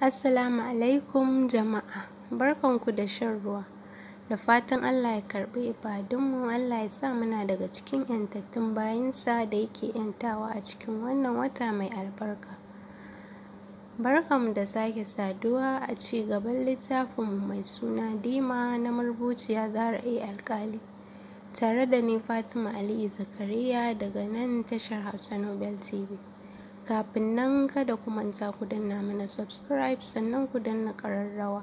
Assalamu alaikum jama'a barkanku da shan ruwa da fatan Allah ya karɓi mu Allah ya sa muna daga cikin yantattun sa da yake yantawa a cikin wannan wata mai albarka barkanmu da sake saduwa a ci gaban littafinmu mai suna dima na marubuciya zara a alkali tare da ni fatima aliyu zakariya daga nan tashar hausa nobel tv kafin nan kada ku manta ku danna mana subscribe sannan ku danna ƙararrawa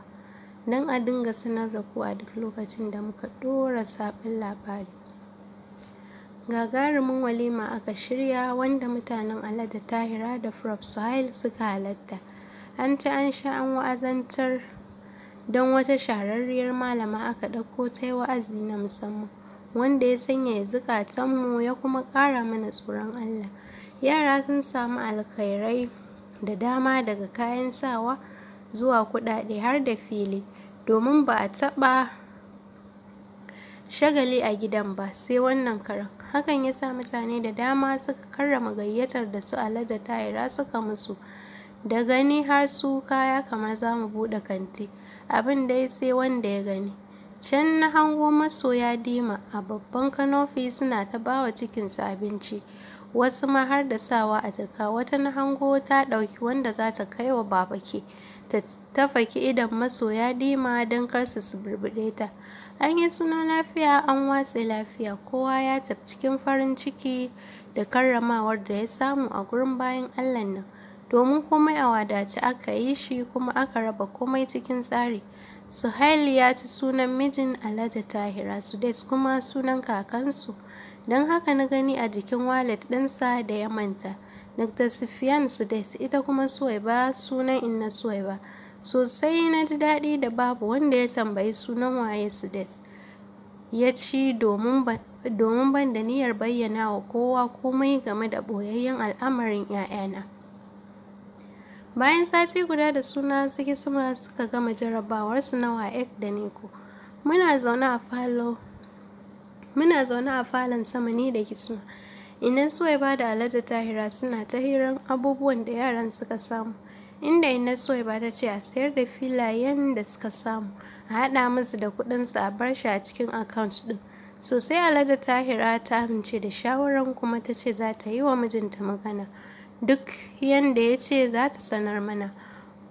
don a dinga sanar da ku a duk lokacin da muka ɗora sabon labari gagarumin walima aka shirya wanda mutanen alhaji tahira da prof suhail suka halatta an ci an sha an wa'azantar don wata shahararriyar malama aka ɗauko ta yi wa'azi na musamman wanda ya sanya zukatan ya kuma ƙara mana tsoron Allah yara sun samu alkhairai da dama daga kayan sawa zuwa kudade har da fili domin ba a taba shagali a gidan ba sai wannan karan hakan ya sa mutane da dama suka karrama gayyatar da su ta tayira suka musu da gani har su kaya kamar za mu buɗe kanti abin dai sai wanda ya gani can na hango masoya dima a babban kanofi suna ta bawa cikinsu abinci wasu ma har da sawa a jaka wata na hango ta ɗauki wanda za ta kai wa babake ta tafaki idan masoya dima don karsu su burbuɗe ta an yi suna lafiya an watse lafiya kowa ya tafi cikin farin ciki da karramawar da ya samu a gurin bayan allah nan domin komai a wadace aka yi shi kuma aka raba komai cikin tsari suhail ya ci sunan mijin alhaji tahira sudais kuma sunan kakansu don haka na gani a jikin walet ɗinsa da ya manta dr Sifian sudes ita kuma suwaiba sunan inna suwaiba sosai na ji daɗi da babu wanda ya tambayi sunan waye sudais ya ci domin ban da niyyar bayyana wa kowa komai game da boyayyen al'amarin 'ya'yana bayan sati guda da suna suke sama suka gama jarabawarsu na waek da neko muna zaune a falo muna zaune a falon sama ni da kisma inan suwaiba da alhaji tahira suna ta hirar abubuwan da yaran suka samu inda inan suwaiba ta ce a sayar da filayen da suka samu a haɗa musu da kuɗinsu a bar shi a cikin akawunt ɗin sosai alhaji tahira ta amince da shawaran kuma ta ce za ta yi wa mijinta magana duk yanda ya ce za ta sanar mana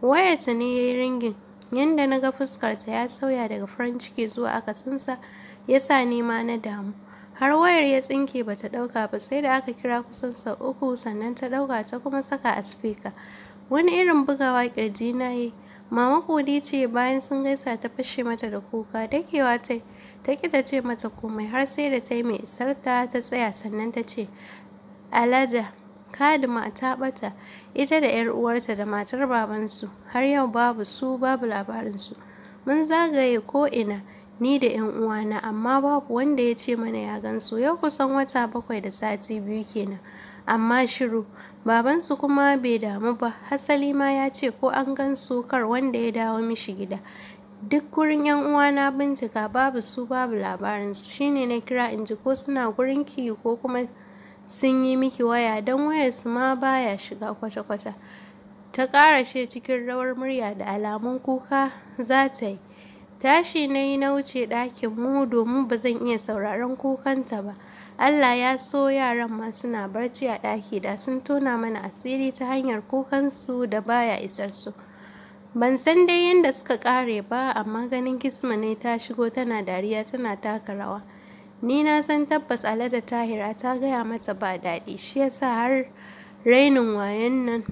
wayarta ne ya yi ringin yanda na ga fuskarta ya sauya daga farin ciki zuwa akasinsa ya sa ni na damu har wayar ya tsinke bata ɗauka ba sai da aka kira kusan sau uku sannan ta ɗauka ta kuma saka a spika wani irin bugawa kirji na yi mama kodi ce bayan sun gaisa ta fashe mata da kuka dakewa ta ta kita ce mata komai har sai da ta yi mai isar ta ta tsaya sannan ta ce alaja kadima ta bata ita da yar uwarta da matar babansu har yau babu su babu labarinsu mun zagaye ko ina ni da 'yan uwana amma babu wanda ya ce mana ya gansu yau kusan wata bakwai da sati biyu kenan amma shiru babansu kuma bai damu ba hasali ma ya ce ko an gansu kar wanda ya dawo mishi gida duk gurin yan uwana bincika babu su babu labarin su shine na kira in ji ko suna gurin ki ko kuma sun yi miki waya don wayar su ma baya shiga kwata-kwata ta ƙarashe cikin rawar murya da alamun kuka za ta yi Tashi na yi na wuce ɗakin mu domin ba zan iya sauraron kukanta ba. Allah ya so yaran ma suna barci a ɗaki da sun tona mana asiri ta hanyar kukansu da baya isar su. Ban san dai yadda suka ƙare ba amma ganin Kisma ne ta shigo tana dariya tana taka rawa. Ni na san tabbas Alada Tahira ta gaya mata ba daɗi shi yasa har rainin wayan nan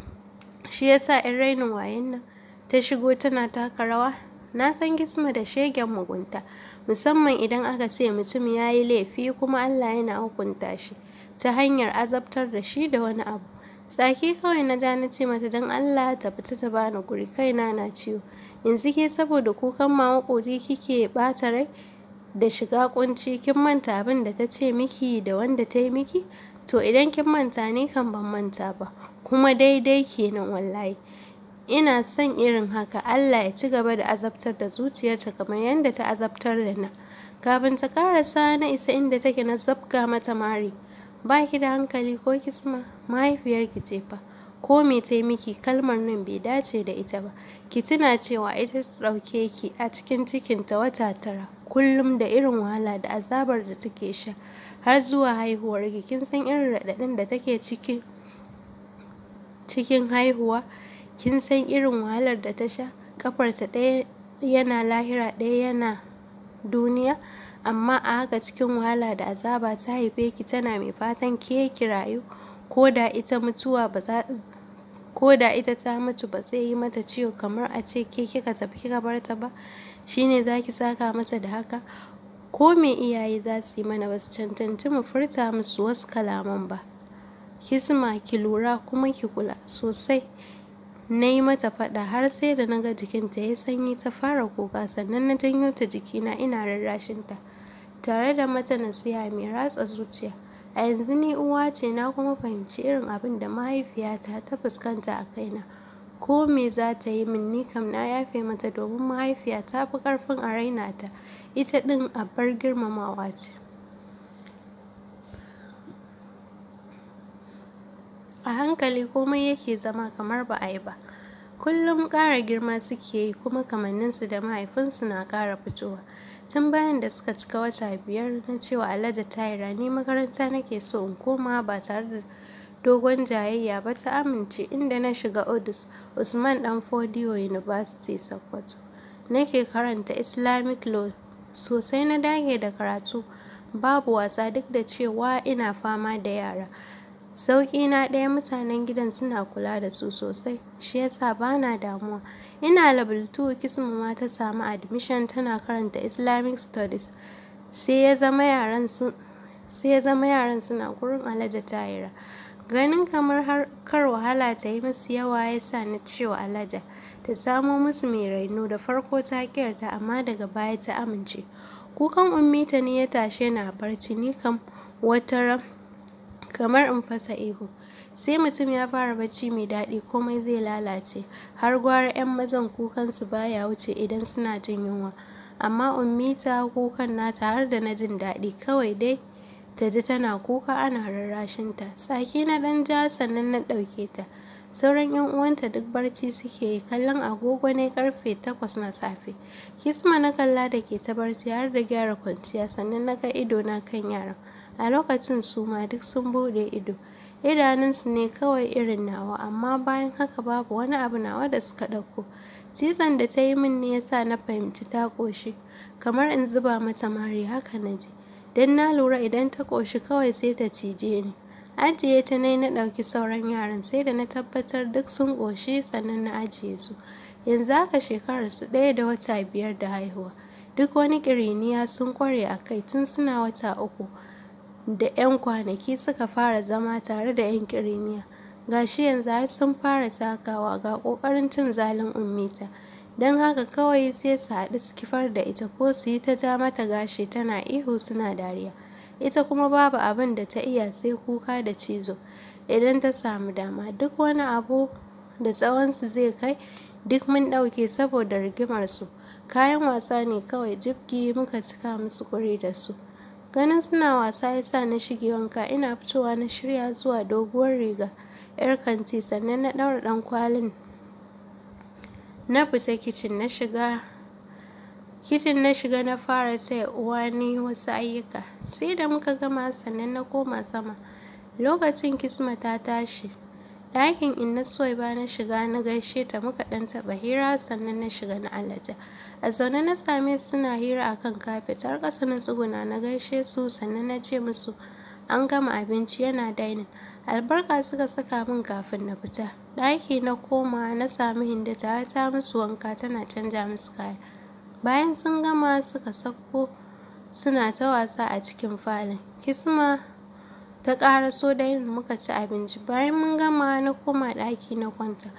shi yasa 'yan rainin wayan nan ta shigo tana taka rawa na san gisma da shegen mugunta musamman idan aka ce mutum ya yi laifi kuma allah yana hukunta shi ta hanyar azabtar da shi da wani abu tsaki kawai na ja na ce mata don allah ta fita ta bani guri kaina na ciwo yanzu ke saboda kukan ma makuri kike bata rai da shiga kunci kin manta abin da ta ce miki da wanda ta yi miki to idan kin manta ne kan ban manta ba kuma daidai kenan wallahi Ina son irin haka, Allah ya ci gaba da azabtar da zuciyarta kamar yadda ta azabtar da na. Kafin ta karasa na isa inda take na zabga mata mari. Ba ki da hankali ko kisma, mahaifiyarki ce fa. Ko me ta miki kalmar nan bai dace da ita ba. Ki tuna cewa ita ta ɗauke ki a cikin cikinta wata tara, kullum da irin wahala da azabar da take sha. Har zuwa haihuwar ki kin san irin raɗaɗin da take cikin haihuwa. kin san irin wahalar da ta sha kafarta ɗaya yana lahira ɗaya yana duniya amma a haka cikin wahala da azaba ta haife ki tana mai fatan ke ki rayu ko da ita ta mutu ba zai yi mata ciwo kamar a ce ke kika tafi kika bar ta ba shine za ki saka masa da haka ko me iyaye za su yi mana ba su cancanci mu furta musu wasu kalaman ba kisma ki lura kuma ki kula sosai na yi mata faɗa har sai da na ga jikinta ya sanyi ta fara kuka sannan na janyo ta jikina ina rarrashinta tare da mata nasiha mai ratsa zuciya a yanzu ni uwa ce na kuma fahimci irin abin da mahaifiyata ta fuskanta a kaina ko me za ta yi min ni kam na yafe mata domin mahaifiya ta fi ƙarfin a raina ta ita ɗin abar girmamawa ce a hankali komai yake zama kamar ba a yi ba kullum ƙara girma suke yi kuma kamanninsu da mahaifinsu na ƙara fitowa tun bayan da suka cika wata biyar na cewa alhaji tayira ni makaranta nake so in koma ba tare da dogon jayayya ba ta amince inda na shiga odus usman dan fodiyo university sokoto nake karanta islamic law sosai na dage da karatu babu wasa duk da cewa ina fama da yara sauƙi na ɗaya mutanen gidan suna kula da su sosai shi yasa bana damuwa ina level 2 ma ta samu admission tana karanta islamic studies sai ya zama yaran suna gurin alhaji tayira ganin kamar har kar wahala ta yi musu yawa ya sa na cewa alhaja ta samo musu mai raino da farko ta kiyarta amma daga baya ta amince kukan ummita ne ya tashe na barci ni kam wata kamar in fasa ihu sai mutum ya fara bacci mai daɗi komai zai lalace har gwara 'yan mazan kukansu baya wuce idan suna jin yunwa amma ummita kukan nata har da na jin daɗi kawai dai ta ji tana kuka ana rarrashinta tsaki na ɗan ja sannan na ɗauke ta sauran yan uwanta duk barci suke yi kallon agogo ne karfe takwas na safe kisma na kalla da ke ta barci har da gyara kwanciya sannan na ga ido na kan yaran a lokacin su ma duk sun buɗe ido idanunsu ne kawai irin nawa amma bayan haka babu wani abu nawa da suka ɗauko tsitsan da ta yi min ne yasa na fahimci ta ƙoshi kamar in zuba mata mari haka na ji don na lura idan ta ƙoshi kawai sai ta cije ni ajiye ta nai na ɗauki sauran yaran sai da na tabbatar duk sun ƙoshi sannan na ajiye su yanzu haka su ɗaya da wata biyar da haihuwa duk wani ƙiriniya sun ƙware a kai tun suna wata uku da 'yan kwanaki suka fara zama tare da 'yan ƙiriniya ga shi yanzu har sun fara takawa ga ƙoƙarin cin zalin ummita don haka kawai sai su haɗu su kifar da ita ko su yi ta ja mata gashi tana ihu suna dariya ita kuma babu abin da ta iya sai kuka da cizo idan ta samu dama duk wani abu da tsawonsu zai kai duk mun ɗauke saboda rigimarsu kayan wasa ne kawai jibgi muka cika musu kuri da su Ganin suna wasa ya sa na shige wanka ina fitowa na shirya zuwa doguwar riga 'yar kanti sannan na ɗaura kwalin. Na fita kicin na shiga kicin na shiga na fara taya uwani wasu ayyuka sai da muka gama sannan na koma sama. Lokacin Kisma ta tashi. ɗakin inna ba na shiga na gaishe ta muka ɗan taɓa hira sannan na shiga na alaja a zaune na same suna hira akan kafet har ƙasa na tsuguna na gaishe su sannan na ce musu an gama abinci yana dainin albarka suka saka min kafin na fita ɗaki na koma na sami hinda tare ta musu wanka tana canja musu kaya bayan sun gama suka sako suna ta wasa a cikin falon kisma ta so da yin muka ci abinci bayan mun gama na koma ɗaki na kwanta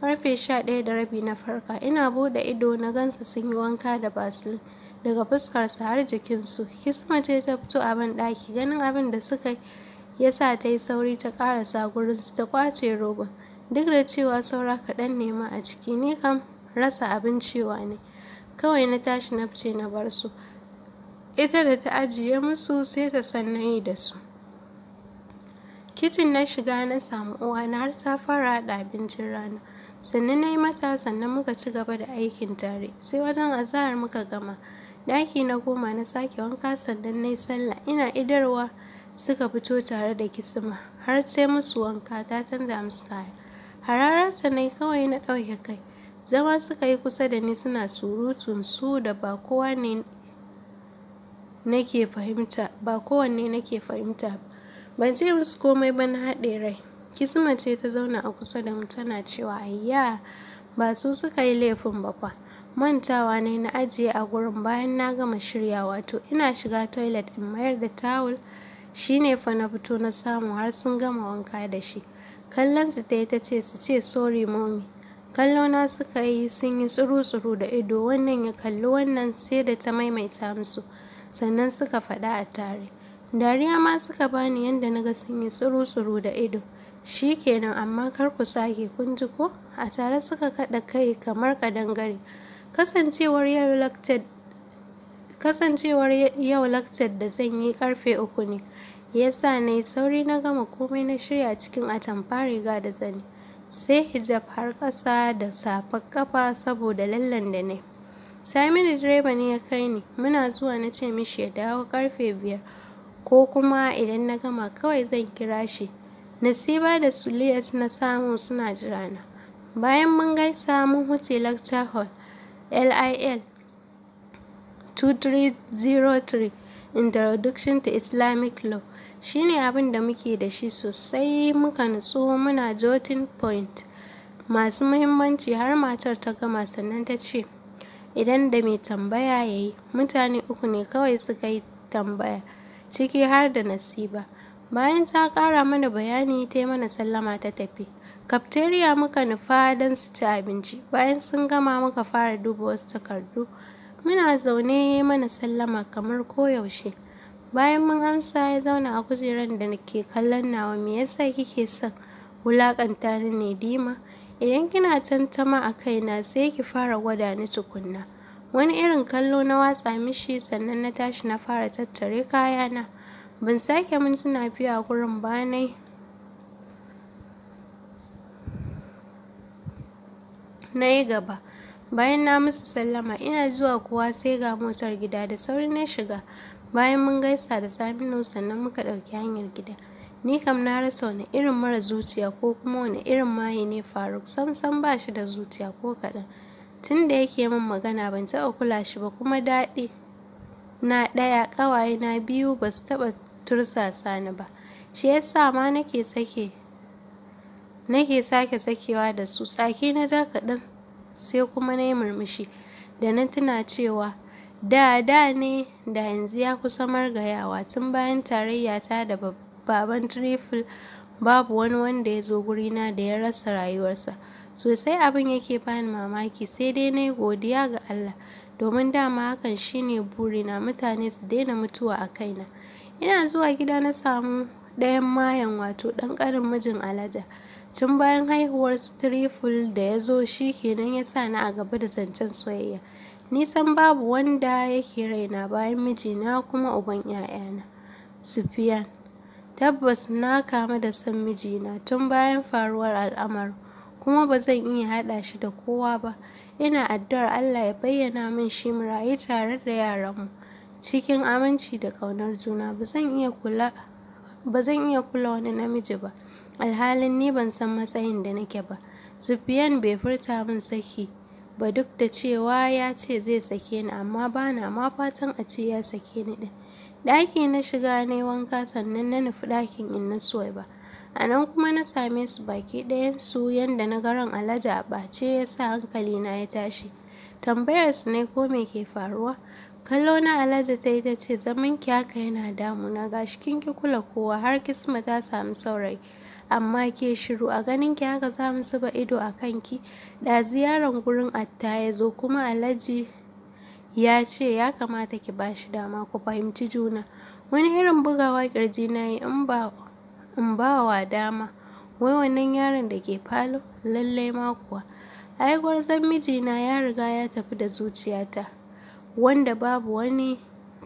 karfe sha ɗaya da rabi na farka ina buɗe ido na gansu sun yi wanka da basil daga fuskarsa har jikinsu kisma ce ta fito a ban ɗaki ganin abin da suka ya sa ta yi sauri ta ƙarasa gurinsu ta ƙwace roba, duk da cewa saura kaɗan nema a ciki ni kam rasa abin cewa ne kawai na tashi na fice na bar su ita da ta ajiye musu sai ta yi da su kicin na shiga na samu uwa na har ta fara da abincin rana sannan na yi mata sannan muka ci gaba da aikin tare sai wajen azahar muka gama ɗaki na goma na sake wanka sannan na yi sallah ina idarwa suka fito tare da kisima har sai musu wanka ta canza musu kaya hararta na kawai na ɗauke kai zama suka yi kusa da ni suna surutun su da ba kowa ne nake fahimta kowanne nake fahimta ba ban ce musu komai ba na haɗe rai kisma ce ta zauna a kusa da mu tana cewa ayya ba su suka yi laifin ba fa mantawa ne na ajiye a gurin bayan na gama shirya wato ina shiga toilet in mayar da tawul shine fa na fito na samu har sun gama wanka da shi kallon su ta yi ta ce su ce sorry mommy kallo na suka yi sun yi tsuru-tsuru da ido wannan ya kalli wannan sai da ta maimaita musu sannan suka faɗa a tare dariya ma suka bani yadda na ga sun yi tsuru-tsuru da ido shi kenan amma kar ku sake kun ji ko a tare suka kaɗa kai kamar kadangare kasancewar yau lactate kasancewar yau lactate da zan yi karfe uku ne yasa na yi sauri na gama komai na shirya cikin atamfa riga da zani sai hijab har ƙasa da safar kafa saboda lallan da ne saminu direba ne ya kai ni muna zuwa na ce mishi ya dawo karfe biyar ko kuma idan na gama kawai zan kira shi nasiba da suliyat na samu suna jira na bayan mun gaisa mun huce lecture hall lil 2303 introduction to islamic law shine abin da muke da shi sosai muka nutsu muna jotin point masu muhimmanci har matar ta gama sannan ta ce idan da mai tambaya ya yi mutane uku ne kawai suka yi tambaya ciki har da nasiba bayan ta ƙara mana bayani ta yi mana sallama ta tafi kafteriya muka nufa don su ci abinci bayan sun gama muka fara duba wasu takardu muna zaune ya mana sallama kamar koyaushe bayan mun amsa ya zauna a kujerar da ke kallon nawa me yasa kike son wulakanta ni ne dima idan kina tantama a kaina sai ki fara gwada ni tukunna wani irin kallo na watsa mishi sannan na tashi na fara tattare kayana ban sake mun biyu a gurin ba na yi gaba bayan na musu sallama ina zuwa kuwa sai ga motar gida da sauri na shiga bayan mun gaisa da saminu sannan muka ɗauki hanyar gida ni kam na rasa wani irin mara zuciya ko kuma wani irin maye ne faruk sam ba shi da zuciya ko kaɗan tun da yake min magana ban taɓa kula shi ba kuma daɗi na ɗaya ƙawaye na biyu ba su taɓa tursasa ni ba shi yasa ma nake sake sake sakewa da su tsaki na ja kaɗan sai kuma na yi murmushi da na tuna cewa da da ne da yanzu ya kusa margayawa tun bayan tarayya ta da baban trifle babu wani wanda ya zo gurina da ya rasa rayuwarsa sosai abin yake bani mamaki sai dai na godiya ga Allah domin dama hakan shine burina mutane su daina mutuwa a kaina ina zuwa gida na samu ɗayan mayan wato ɗan ƙarin mijin alaja tun bayan haihuwar striful da ya zo shi kenan ya sa na a gaba da zancen soyayya nisan babu wanda yake raina bayan mijina kuma uban 'ya'yana sufiyan tabbas na kama da son mijina tun bayan faruwar al'amarin kuma ba zan iya haɗa shi da kowa ba ina addu'ar Allah ya bayyana min shi mu rayu tare da yaran mu. cikin aminci da ƙaunar juna ba zan iya kula ba zan iya kula wani namiji ba alhalin ni ban san matsayin da nake ba Sufyan bai furta min saki ba duk da cewa ya ce zai sake ni amma bana ma fatan a ce ya sake ni din ɗaki na shiga na wanka sannan na nufi ɗakin in na ba a nan kuma na same su baki Su yadda na garan alhaji a ɓace ya sa hankali na ya tashi tambayar su ne ko me ke faruwa kallo na alhaji ta yi ta ce zaman ki haka yana damuna gashi kin ki kula kowa har kisma ta samu saurayi amma ke shiru a ganin ki haka za mu zuba ido a kanki da ziyaran gurin atta ya zo kuma alhaji ya ce ya kamata ki bashi dama ku fahimci juna wani irin bugawa kirji na yi in ba in ba wa dama wai wannan yaron da ke falo lallai ma kuwa ai gwarzon mijina ya riga ya tafi da zuciyata wanda babu wani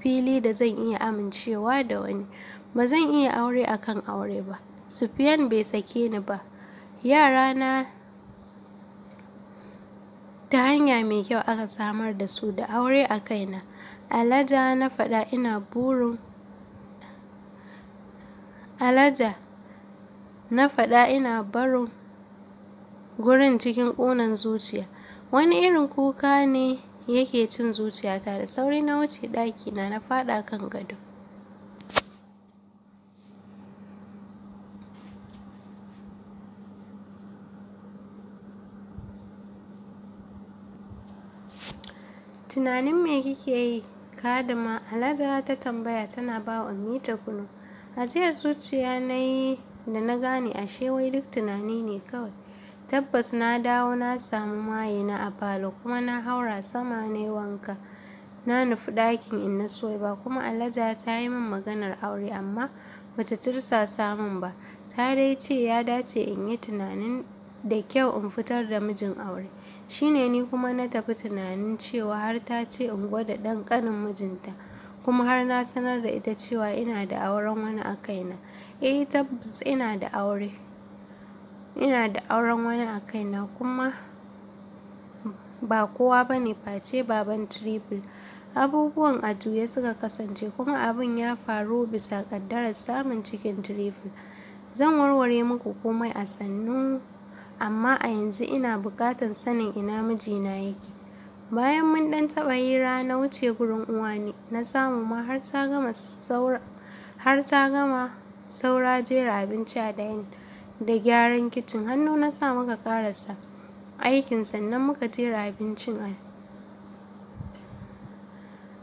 fili da zan iya amincewa da wani ba zan iya aure akan aure ba sufiyan bai sake ni ba yara na ta hanya mai kyau aka samar da su da aure a kaina alaja na faɗa ina burin Alaja na faɗa ina barin gurin cikin ƙunan zuciya. Wani irin kuka ne yake cin zuciyata da sauri na wuce ɗaki na na faɗa kan gado. Tunanin me kike yi? Kadima Alaja ta tambaya tana ba wa Amita kunu. ajiyar zuciya na yi da na gane ashe wai duk tunani ne kawai tabbas na dawo na samu maye na a falo kuma na haura sama na wanka na nufi ɗakin in na ba kuma alhaji ta yi min maganar aure amma bata tursa samun ba ta dai ce ya dace in yi tunanin da kyau in fitar da mijin aure shine ni kuma na tafi tunanin cewa har ta ce in gwada ɗan ƙanin mijinta kuma har na sanar da ita cewa ina da auren wani a kaina eh tabbas ina da aure ina da auren wani a kaina kuma ba kowa bane face baban triple abubuwan a juya suka kasance kuma abin ya faru bisa ƙaddarar samun cikin triple zan warware muku komai a sannu amma a yanzu ina bukatan sanin ina mijina yake bayan mun ɗan taɓa hira na wuce gurin ne, na samu ma har ta gama saura jera abinci a dayin da gyaran kicin hannu na sa muka karasa aikin sannan muka jera abincin a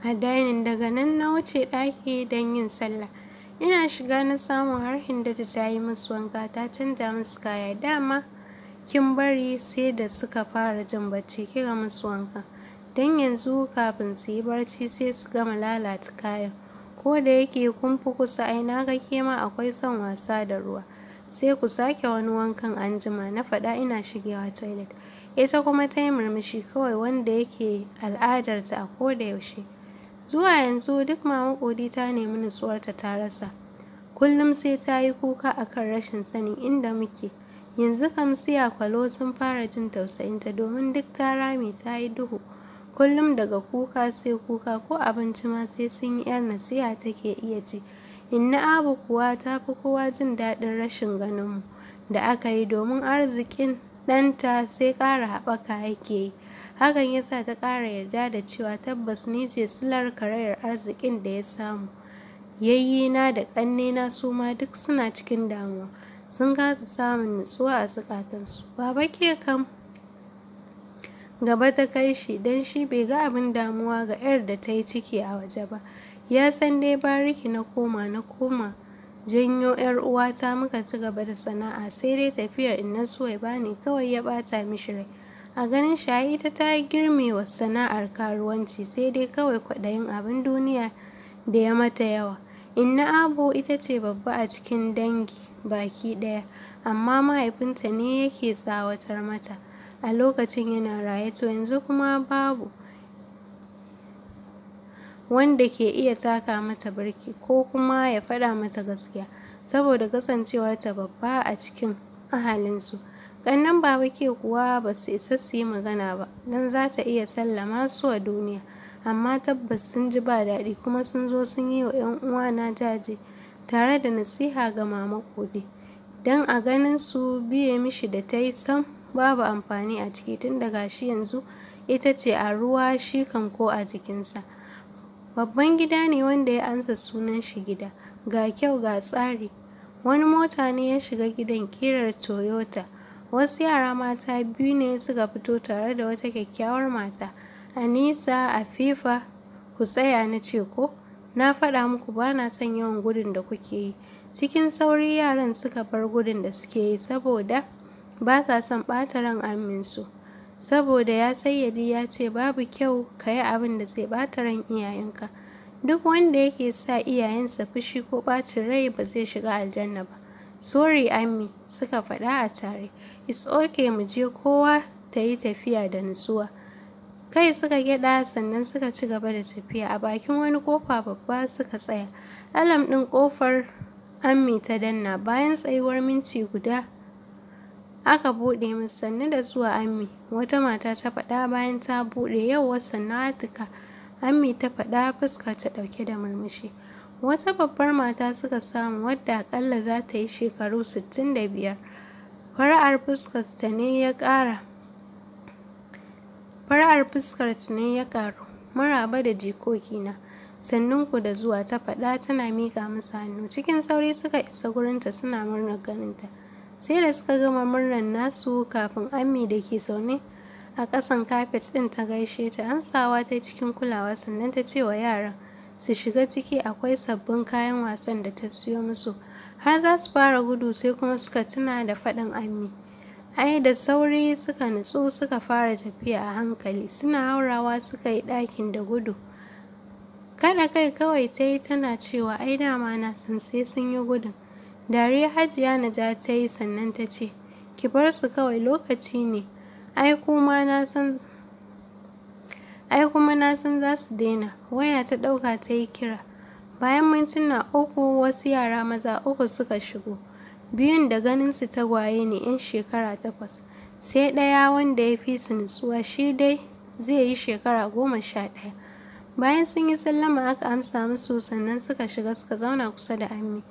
a dainin daga nan na wuce ɗaki don yin sallah ina shiga na samu har da ta yi musu wanka ta canja musu kaya dama kin bari sai da suka fara jin bacci musu wanka don yanzu kafin su yi barci sai su gama lalata kayan ko da yake kun fi kusa ai na ga ke ma akwai son wasa da ruwa sai ku sake wani wankan anjima na faɗa ina shigewa toilet ita kuma ta yi murmushi kawai wanda yake al'adarta a koda yaushe zuwa yanzu duk mama makodi ta nemi nutsuwarta ta rasa kullum sai ta yi kuka akan rashin sanin inda muke yanzu kam siya kwalo sun fara jin tausayinta domin duk ta rame ta yi duhu kullum daga kuka sai kuka ko abinci ma sai sun yi yar nasiha take iya ci inna abu kuwa ta fi kowa jin daɗin rashin ganinmu da aka yi domin arzikin ɗanta sai ƙara haɓaka yake yi hakan ya sa ta ƙara yarda da cewa tabbas ni ce silar karayar arzikin da ya samu na da ƙannena su ma duk suna cikin damuwa sun kasa samun nutsuwa a zukatansu baba ke kam gaba ta kai shi don shi bai ga abin damuwa ga 'yar da ta yi ciki a waje ba ya san dai bariki na koma na koma janyo 'yar uwata muka ci gaba da sana'a sai dai tafiyar inna suwaiba ne kawai ya bata mishi rai a ganin shayi ta ta girme wa sana'ar karuwanci sai dai kawai kwaɗayin abin duniya da ya mata yawa inna abu ita ce babba a cikin dangi baki ɗaya amma mahaifinta ne yake tsawatar mata a lokacin yana raye to yanzu kuma babu wanda ke iya taka mata birki ko kuma ya faɗa mata gaskiya saboda ta babba a cikin ahalinsu ƙannan baba ke kuwa ba su isa su yi magana ba don za ta iya sallama su a duniya amma tabbas sun ji ba daɗi kuma sun zo sun yi wa 'yan uwa uwana jaje tare da nasiha ga mama kode don a ganin su biye mishi da ta yi sam babu amfani a ciki tun daga shi yanzu ita ce a ruwa shi kan ko a jikinsa babban gida ne wanda ya amsa sunan shi gida ga kyau ga tsari wani mota ne ya shiga gidan kirar toyota wasu yara mata biyu ne suka fito tare da wata kyakkyawar mata anisa afifa ku tsaya na ce ko na faɗa muku ba na son yawan gudun da kuke yi cikin sauri yaran suka bar gudun da suke yi saboda ba sa son ɓata ran aminsu saboda ya sayyadi ya ce babu kyau ka yi abin da zai ɓata ran iyayenka duk wanda yake sa iyayensa fushi ko ɓacin rai ba zai shiga aljanna ba sorry ammi suka faɗa a tare it's okay mu je kowa ta yi tafiya da nutsuwa kai suka gyaɗa sannan suka ci gaba da tafiya a bakin wani kofa babba suka tsaya alam ɗin ƙofar ammi ta danna bayan tsayuwar minti guda aka buɗe musu sannu da zuwa ammi wata mata ta faɗa bayan ta buɗe yau wasan atika ammi ta faɗa fuska ta ɗauke da murmushi wata babbar mata suka samu wadda akalla za ta yi shekaru 65 fara'ar fuskar ta ne ya ƙara fara'ar fuskar ta ne ya ƙaru maraba da jikokina sannunku da zuwa ta faɗa tana miƙa musu hannu cikin sauri suka isa gurinta suna murnar ganinta sai da suka gama murnar nasu kafin ammi da ke sauni a ƙasan kafet ɗin ta gaishe ta amsawa ta cikin kulawa sannan ta ce wa yaran su shiga ciki akwai sabbin kayan wasan da ta siyo musu har za su fara gudu sai kuma suka tuna da faɗin ammi ai da sauri suka nutsu suka fara tafiya a hankali suna haurawa suka yi ɗakin da gudu kada kai kawai ta yi tana cewa ai dama na san sai sun yi gudun Dariya Hajiya Naja ta yi sannan ta ce, Ki bar su kawai lokaci ne, ai kuma na san za su daina waya ta ɗauka ta yi kira bayan mintuna uku wasu yara maza uku suka shigo biyun da ganinsu tagwaye ne 'yan shekara takwas sai ɗaya wanda ya fi su nutsuwa shi dai zai yi shekara goma sha ɗaya bayan sun yi sallama aka amsa musu sannan suka shiga suka zauna kusa da ammi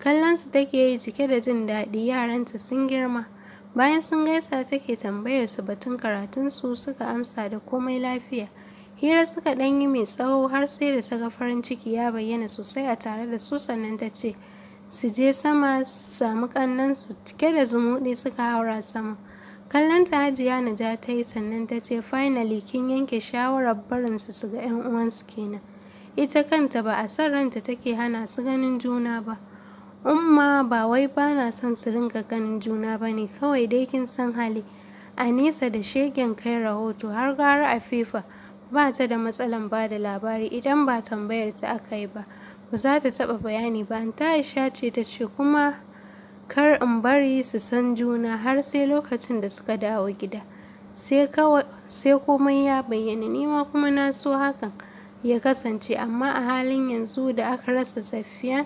Kallonsu take yi cike da jin daɗi yaranta sun girma. Bayan sun gaisa take tambayar su batun su, suka amsa da komai lafiya. Hira suka ɗan yi mai tsawo har sai da ta ga farin ciki ya bayyana sosai a tare da su sannan ta ce su je sama su samu ƙannansu cike da zumuɗi suka haura sama. Kallon ta hajiya Naja ta yi sannan ta ce finally kin yanke shawarar barinsu su ga 'yan uwansu kenan. Ita kanta ba a san ranta take hana su ganin juna ba. Umma ba wai ba na son su ringa ganin juna ba ne kawai dai kin san hali. A nesa da shegen kai rahoto har gara fifa ba ta da matsalan ba da labari idan ba tambayar su aka yi ba. Ba za ta taba bayani ba, ta Aisha ce ta ce kuma kar in bari su san juna har sai lokacin da suka dawo gida. Sai komai ya bayyana nima kuma na so hakan ya kasance amma a halin yanzu da aka rasa safiya.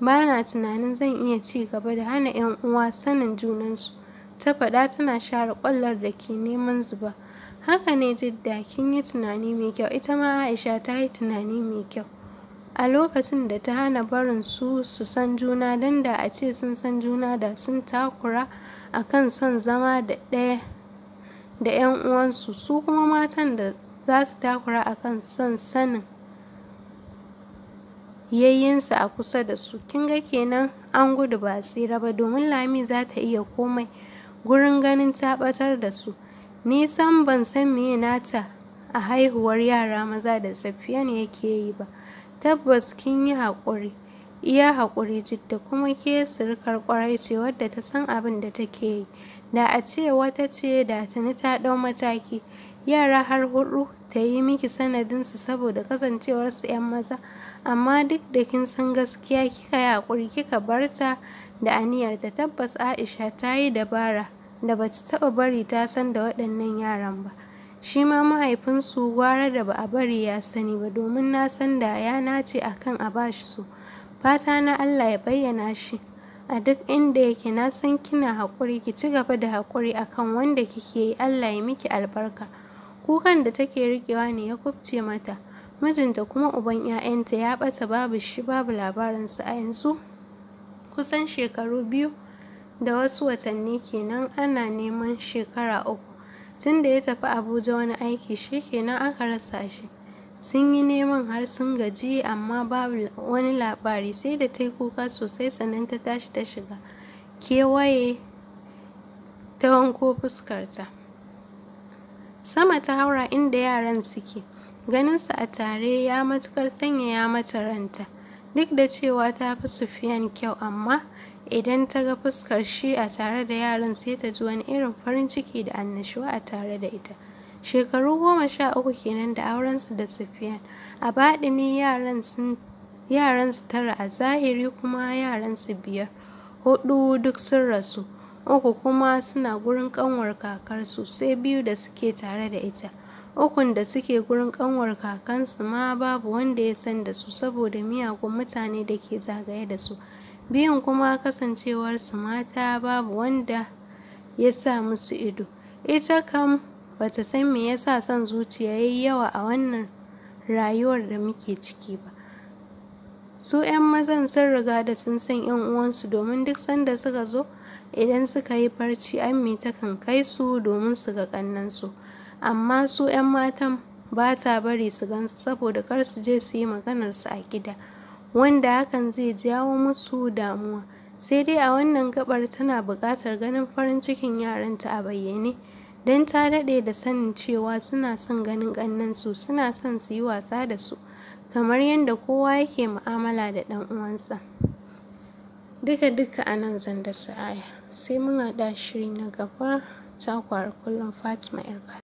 Ba na tunanin zan iya ci gaba da hana 'yan uwa sanin junansu," ta faɗa tana share ƙwallar da ke neman zuba. "Haka ne Jidda kin yi tunani mai kyau, ita ma Aisha ta yi tunani mai kyau. A lokacin da ta hana barin su su san juna don da a ce sun san juna da sun takura a kan son zama da 'yan uwansu, su kuma matan da za su takura a kan son sanin yayyinsa a kusa da su kin ga kenan an gudu ba tsira ba domin lami za ta iya komai gurin ganin ta batar da su ni san ban san me nata a haihuwar yara maza da safiyan yake yi ba tabbas kin yi hakuri. iya hakuri, jidda kuma ke surkar ƙwarai ce wadda ta san abin da take yi da a ce wata ce da tuni ta ɗau mataki yara har hudu ta yi miki sanadinsu saboda kasancewarsu 'yan maza amma duk da kin san gaskiya kika yi hakuri kika bar ta da aniyar tabbas Aisha ta yi dabara da bata taɓa bari ta san da waɗannan yaran ba shi ma mahaifinsu gwara da ba a bari ya sani ba domin na san da ya nace akan a bashi su fata na Allah ya bayyana shi a duk inda yake na san kina hakuri, ki ci gaba da haƙuri akan wanda kike yi Allah ya miki albarka kukan da take riƙewa ne ya kubce mata mijinta kuma uban 'ya'yanta ya ɓata babu shi babu labarinsa a yanzu kusan shekaru biyu da wasu watanni kenan ana neman shekara uku tun da ya tafi abuja wani aiki shi kenan aka rasa shi sun yi neman har sun gaji amma babu wani labari sai da ta yi kuka sosai sannan ta tashi ta shiga kewaye ta wanko fuskarta sama ta haura inda yaran suke ganinsu a tare ya matukar sanyaya mata ranta duk da cewa ta fi sufiyan kyau amma idan ta ga fuskar shi a tare da yaran sai ta ji wani irin farin ciki da annashuwa a tare da ita shekaru goma sha uku kenan da aurensu da sufiyan a baɗi ne yaran sun yaransu tara a zahiri kuma yaran su biyar hudu duk sun rasu uku kuma suna gurin ƙanwar kakarsu sai biyu da suke tare da ita ukun da suke gurin ƙanwar kakansu ma babu wanda ya san da su saboda miyagun mutane da ke zagaye da su biyun kuma kasancewarsu mata babu wanda ya sa musu ido ita kam bata san me yasa son zuciya yayi yawa a wannan rayuwar da muke ciki ba su 'yan mazan sun riga da sun san 'yan uwansu domin duk sanda suka zo idan suka yi barci ammi takan kai su domin su ga kannansu amma su 'yan matan ba ta bari su gansu saboda kar su je su yi maganar su a gida wanda hakan zai jawo musu damuwa sai dai a wannan gabar tana buƙatar ganin farin cikin yaranta a bayyane don ta daɗe da sanin cewa suna son ganin ƙannensu suna son su yi wasa da su kamar yadda kowa yake mu'amala da ɗan uwansa duka duka a nan zan dasa aya sai mun haɗa shiri na gaba ta har kullum Fatima 'yar